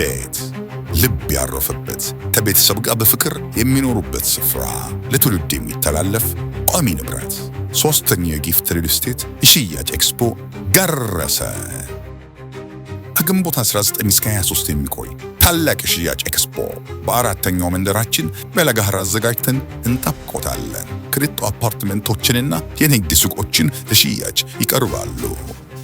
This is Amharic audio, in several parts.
ቤት ልብ ያረፈበት ከቤተሰብ ጋር በፍቅር የሚኖሩበት ስፍራ ለትውልድ የሚተላለፍ ቋሚ ንብረት። ሶስተኛው የጊፍት ሪል ስቴት የሽያጭ ኤክስፖ ደረሰ። ከግንቦት 19 እስከ 23 የሚቆይ ታላቅ የሽያጭ ኤክስፖ በአራተኛው መንደራችን በለጋህር አዘጋጅተን እንጠብቆታለን። ክሪቶ አፓርትመንቶችንና የንግድ ሱቆችን ለሽያጭ ይቀርባሉ።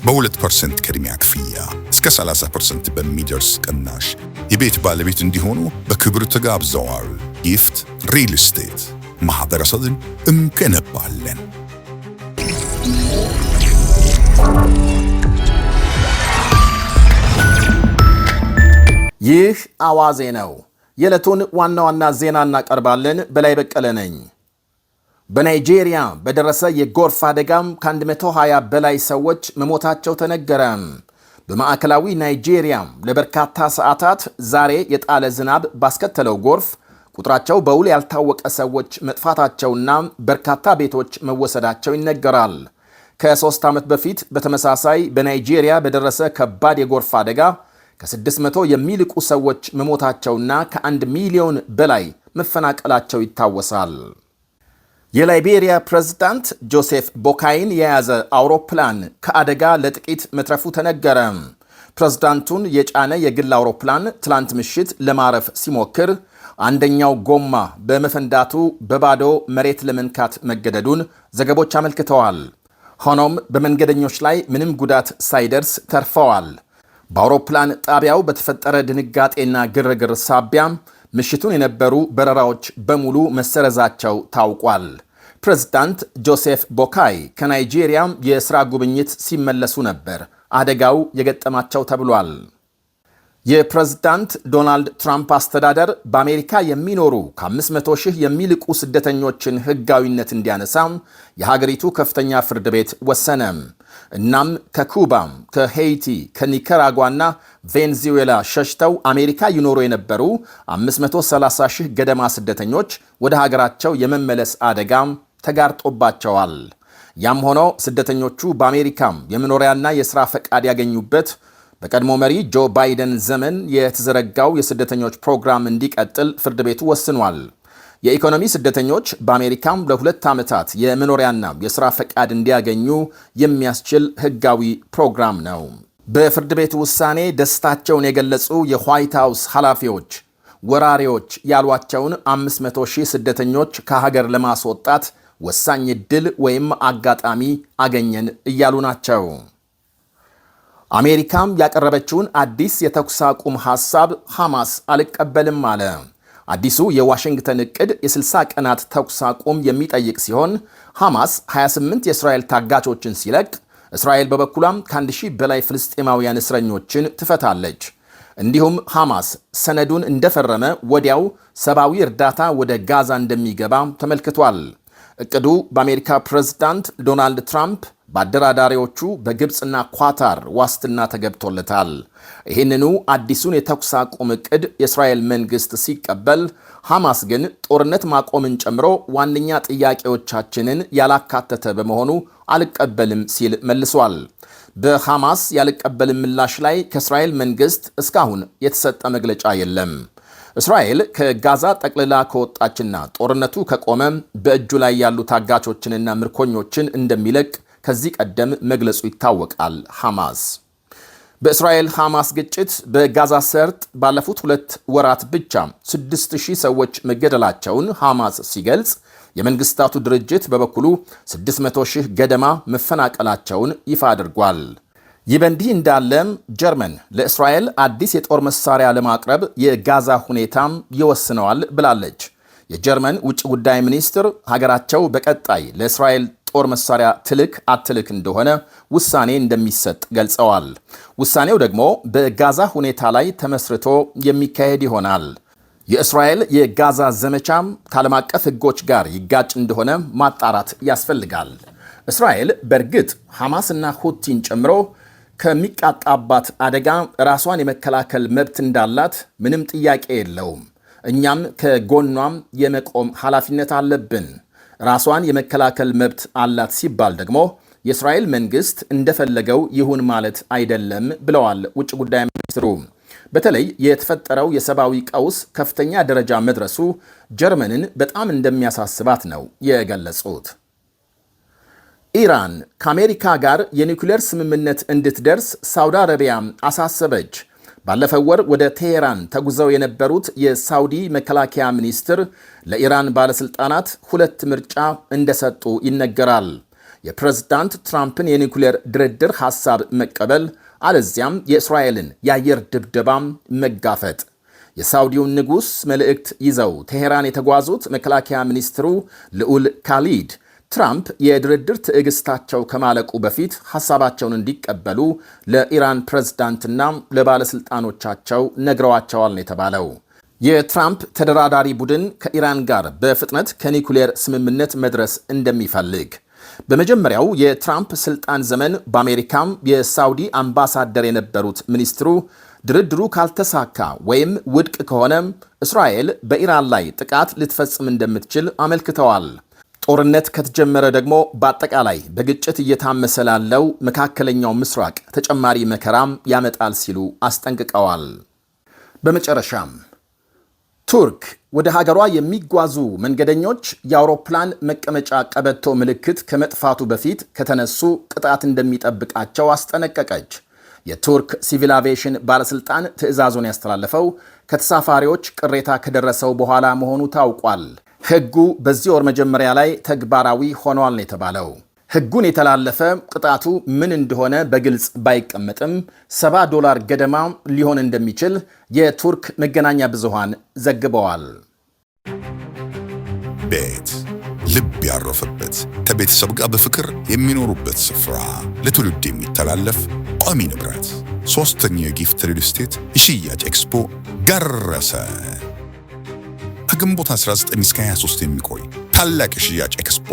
በ2 ፐርሰንት ቅድሚያ ክፍያ እስከ 30 ፐርሰንት በሚደርስ ቅናሽ የቤት ባለቤት እንዲሆኑ በክብር ተጋብዘዋል። ጊፍት ሪል ስቴት ማኅበረሰብን እንገነባለን። ይህ አዋዜ ነው። የዕለቱን ዋና ዋና ዜና እናቀርባለን። በላይ በቀለ ነኝ። በናይጄሪያ በደረሰ የጎርፍ አደጋም ከ120 በላይ ሰዎች መሞታቸው ተነገረ። በማዕከላዊ ናይጄሪያ ለበርካታ ሰዓታት ዛሬ የጣለ ዝናብ ባስከተለው ጎርፍ ቁጥራቸው በውል ያልታወቀ ሰዎች መጥፋታቸውና በርካታ ቤቶች መወሰዳቸው ይነገራል። ከሦስት ዓመት በፊት በተመሳሳይ በናይጄሪያ በደረሰ ከባድ የጎርፍ አደጋ ከ600 የሚልቁ ሰዎች መሞታቸውና ከአንድ ሚሊዮን በላይ መፈናቀላቸው ይታወሳል። የላይቤሪያ ፕሬዝዳንት ጆሴፍ ቦካይን የያዘ አውሮፕላን ከአደጋ ለጥቂት መትረፉ ተነገረ። ፕሬዝዳንቱን የጫነ የግል አውሮፕላን ትላንት ምሽት ለማረፍ ሲሞክር አንደኛው ጎማ በመፈንዳቱ በባዶ መሬት ለመንካት መገደዱን ዘገቦች አመልክተዋል። ሆኖም በመንገደኞች ላይ ምንም ጉዳት ሳይደርስ ተርፈዋል። በአውሮፕላን ጣቢያው በተፈጠረ ድንጋጤና ግርግር ሳቢያም ምሽቱን የነበሩ በረራዎች በሙሉ መሰረዛቸው ታውቋል። ፕሬዝዳንት ጆሴፍ ቦካይ ከናይጄሪያም የሥራ ጉብኝት ሲመለሱ ነበር አደጋው የገጠማቸው ተብሏል። የፕሬዝዳንት ዶናልድ ትራምፕ አስተዳደር በአሜሪካ የሚኖሩ ከ500 ሺህ የሚልቁ ስደተኞችን ህጋዊነት እንዲያነሳ የሀገሪቱ ከፍተኛ ፍርድ ቤት ወሰነ። እናም ከኩባ፣ ከሄይቲ፣ ከኒካራጓና ቬንዙዌላ ሸሽተው አሜሪካ ይኖሩ የነበሩ 530 ሺህ ገደማ ስደተኞች ወደ ሀገራቸው የመመለስ አደጋም ተጋርጦባቸዋል። ያም ሆኖ ስደተኞቹ በአሜሪካም የመኖሪያና የሥራ ፈቃድ ያገኙበት በቀድሞ መሪ ጆ ባይደን ዘመን የተዘረጋው የስደተኞች ፕሮግራም እንዲቀጥል ፍርድ ቤቱ ወስኗል። የኢኮኖሚ ስደተኞች በአሜሪካም ለሁለት ዓመታት የመኖሪያና የሥራ ፈቃድ እንዲያገኙ የሚያስችል ሕጋዊ ፕሮግራም ነው። በፍርድ ቤቱ ውሳኔ ደስታቸውን የገለጹ የዋይት ሃውስ ኃላፊዎች ወራሪዎች ያሏቸውን 500 ሺህ ስደተኞች ከሀገር ለማስወጣት ወሳኝ ዕድል ወይም አጋጣሚ አገኘን እያሉ ናቸው። አሜሪካም ያቀረበችውን አዲስ የተኩስ አቁም ሐሳብ ሐማስ አልቀበልም አለ። አዲሱ የዋሽንግተን ዕቅድ የ60 ቀናት ተኩስ አቁም የሚጠይቅ ሲሆን ሐማስ 28 የእስራኤል ታጋቾችን ሲለቅ፣ እስራኤል በበኩሏም ከ1000 በላይ ፍልስጤማውያን እስረኞችን ትፈታለች። እንዲሁም ሐማስ ሰነዱን እንደፈረመ ወዲያው ሰብአዊ እርዳታ ወደ ጋዛ እንደሚገባ ተመልክቷል። እቅዱ በአሜሪካ ፕሬዝዳንት ዶናልድ ትራምፕ በአደራዳሪዎቹ በግብፅና ኳታር ዋስትና ተገብቶለታል። ይህንኑ አዲሱን የተኩስ አቁም ዕቅድ የእስራኤል መንግሥት ሲቀበል፣ ሐማስ ግን ጦርነት ማቆምን ጨምሮ ዋነኛ ጥያቄዎቻችንን ያላካተተ በመሆኑ አልቀበልም ሲል መልሷል። በሐማስ ያልቀበልም ምላሽ ላይ ከእስራኤል መንግሥት እስካሁን የተሰጠ መግለጫ የለም። እስራኤል ከጋዛ ጠቅልላ ከወጣችና ጦርነቱ ከቆመ በእጁ ላይ ያሉ ታጋቾችንና ምርኮኞችን እንደሚለቅ ከዚህ ቀደም መግለጹ ይታወቃል። ሐማስ በእስራኤል ሐማስ ግጭት በጋዛ ሰርጥ ባለፉት ሁለት ወራት ብቻ 6000 ሰዎች መገደላቸውን ሐማስ ሲገልጽ የመንግስታቱ ድርጅት በበኩሉ 600 ሺህ ገደማ መፈናቀላቸውን ይፋ አድርጓል። ይህ በእንዲህ እንዳለም ጀርመን ለእስራኤል አዲስ የጦር መሳሪያ ለማቅረብ የጋዛ ሁኔታም ይወስነዋል ብላለች። የጀርመን ውጭ ጉዳይ ሚኒስትር ሀገራቸው በቀጣይ ለእስራኤል ጦር መሳሪያ ትልክ አትልክ እንደሆነ ውሳኔ እንደሚሰጥ ገልጸዋል። ውሳኔው ደግሞ በጋዛ ሁኔታ ላይ ተመስርቶ የሚካሄድ ይሆናል። የእስራኤል የጋዛ ዘመቻም ከዓለም አቀፍ ሕጎች ጋር ይጋጭ እንደሆነ ማጣራት ያስፈልጋል። እስራኤል በእርግጥ ሐማስና ሁቲን ጨምሮ ከሚቃጣባት አደጋ ራሷን የመከላከል መብት እንዳላት ምንም ጥያቄ የለውም። እኛም ከጎኗም የመቆም ኃላፊነት አለብን። ራሷን የመከላከል መብት አላት ሲባል ደግሞ የእስራኤል መንግስት እንደፈለገው ይሁን ማለት አይደለም ብለዋል ውጭ ጉዳይ ሚኒስትሩ። በተለይ የተፈጠረው የሰብአዊ ቀውስ ከፍተኛ ደረጃ መድረሱ ጀርመንን በጣም እንደሚያሳስባት ነው የገለጹት። ኢራን ከአሜሪካ ጋር የኒውክሌር ስምምነት እንድትደርስ ሳውዲ አረቢያ አሳሰበች። ባለፈው ወር ወደ ቴሄራን ተጉዘው የነበሩት የሳውዲ መከላከያ ሚኒስትር ለኢራን ባለሥልጣናት ሁለት ምርጫ እንደሰጡ ይነገራል። የፕሬዝዳንት ትራምፕን የኒውክሌር ድርድር ሐሳብ መቀበል አለዚያም የእስራኤልን የአየር ድብደባም መጋፈጥ። የሳውዲውን ንጉሥ መልእክት ይዘው ቴሄራን የተጓዙት መከላከያ ሚኒስትሩ ልዑል ካሊድ ትራምፕ የድርድር ትዕግስታቸው ከማለቁ በፊት ሀሳባቸውን እንዲቀበሉ ለኢራን ፕሬዝዳንትና ለባለሥልጣኖቻቸው ነግረዋቸዋል ነው የተባለው። የትራምፕ ተደራዳሪ ቡድን ከኢራን ጋር በፍጥነት ከኒኩሌር ስምምነት መድረስ እንደሚፈልግ በመጀመሪያው የትራምፕ ስልጣን ዘመን በአሜሪካም የሳውዲ አምባሳደር የነበሩት ሚኒስትሩ ድርድሩ ካልተሳካ ወይም ውድቅ ከሆነ እስራኤል በኢራን ላይ ጥቃት ልትፈጽም እንደምትችል አመልክተዋል። ጦርነት ከተጀመረ ደግሞ በአጠቃላይ በግጭት እየታመሰ ላለው መካከለኛው ምስራቅ ተጨማሪ መከራም ያመጣል ሲሉ አስጠንቅቀዋል። በመጨረሻም ቱርክ ወደ ሀገሯ የሚጓዙ መንገደኞች የአውሮፕላን መቀመጫ ቀበቶ ምልክት ከመጥፋቱ በፊት ከተነሱ ቅጣት እንደሚጠብቃቸው አስጠነቀቀች። የቱርክ ሲቪል አቪዬሽን ባለሥልጣን ትዕዛዙን ያስተላለፈው ከተሳፋሪዎች ቅሬታ ከደረሰው በኋላ መሆኑ ታውቋል። ሕጉ በዚህ ወር መጀመሪያ ላይ ተግባራዊ ሆኗል ነው የተባለው። ሕጉን የተላለፈ ቅጣቱ ምን እንደሆነ በግልጽ ባይቀመጥም ሰባ ዶላር ገደማ ሊሆን እንደሚችል የቱርክ መገናኛ ብዙሃን ዘግበዋል። ቤት ልብ ያረፈበት ከቤተሰብ ጋር በፍቅር የሚኖሩበት ስፍራ፣ ለትውልድ የሚተላለፍ ቋሚ ንብረት። ሶስተኛው የጊፍት ሪል ስቴት የሽያጭ ኤክስፖ ደረሰ። ከግንቦት 19 እስከ 23 የሚቆይ ታላቅ የሽያጭ ኤክስፖ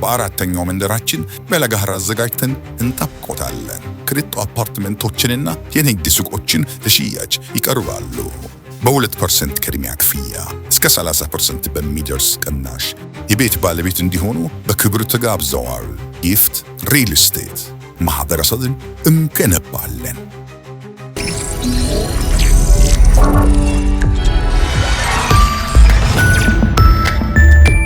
በአራተኛው መንደራችን በለጋህር አዘጋጅተን እንጠብቆታለን። ክሪጦ አፓርትመንቶችንና የንግድ ሱቆችን ለሽያጭ ይቀርባሉ። በ2% ቅድሚያ ክፍያ እስከ 30% በሚደርስ ቅናሽ የቤት ባለቤት እንዲሆኑ በክብር ተጋብዘዋል። ጊፍት ሪል ስቴት ማኅበረሰብን እንገነባለን።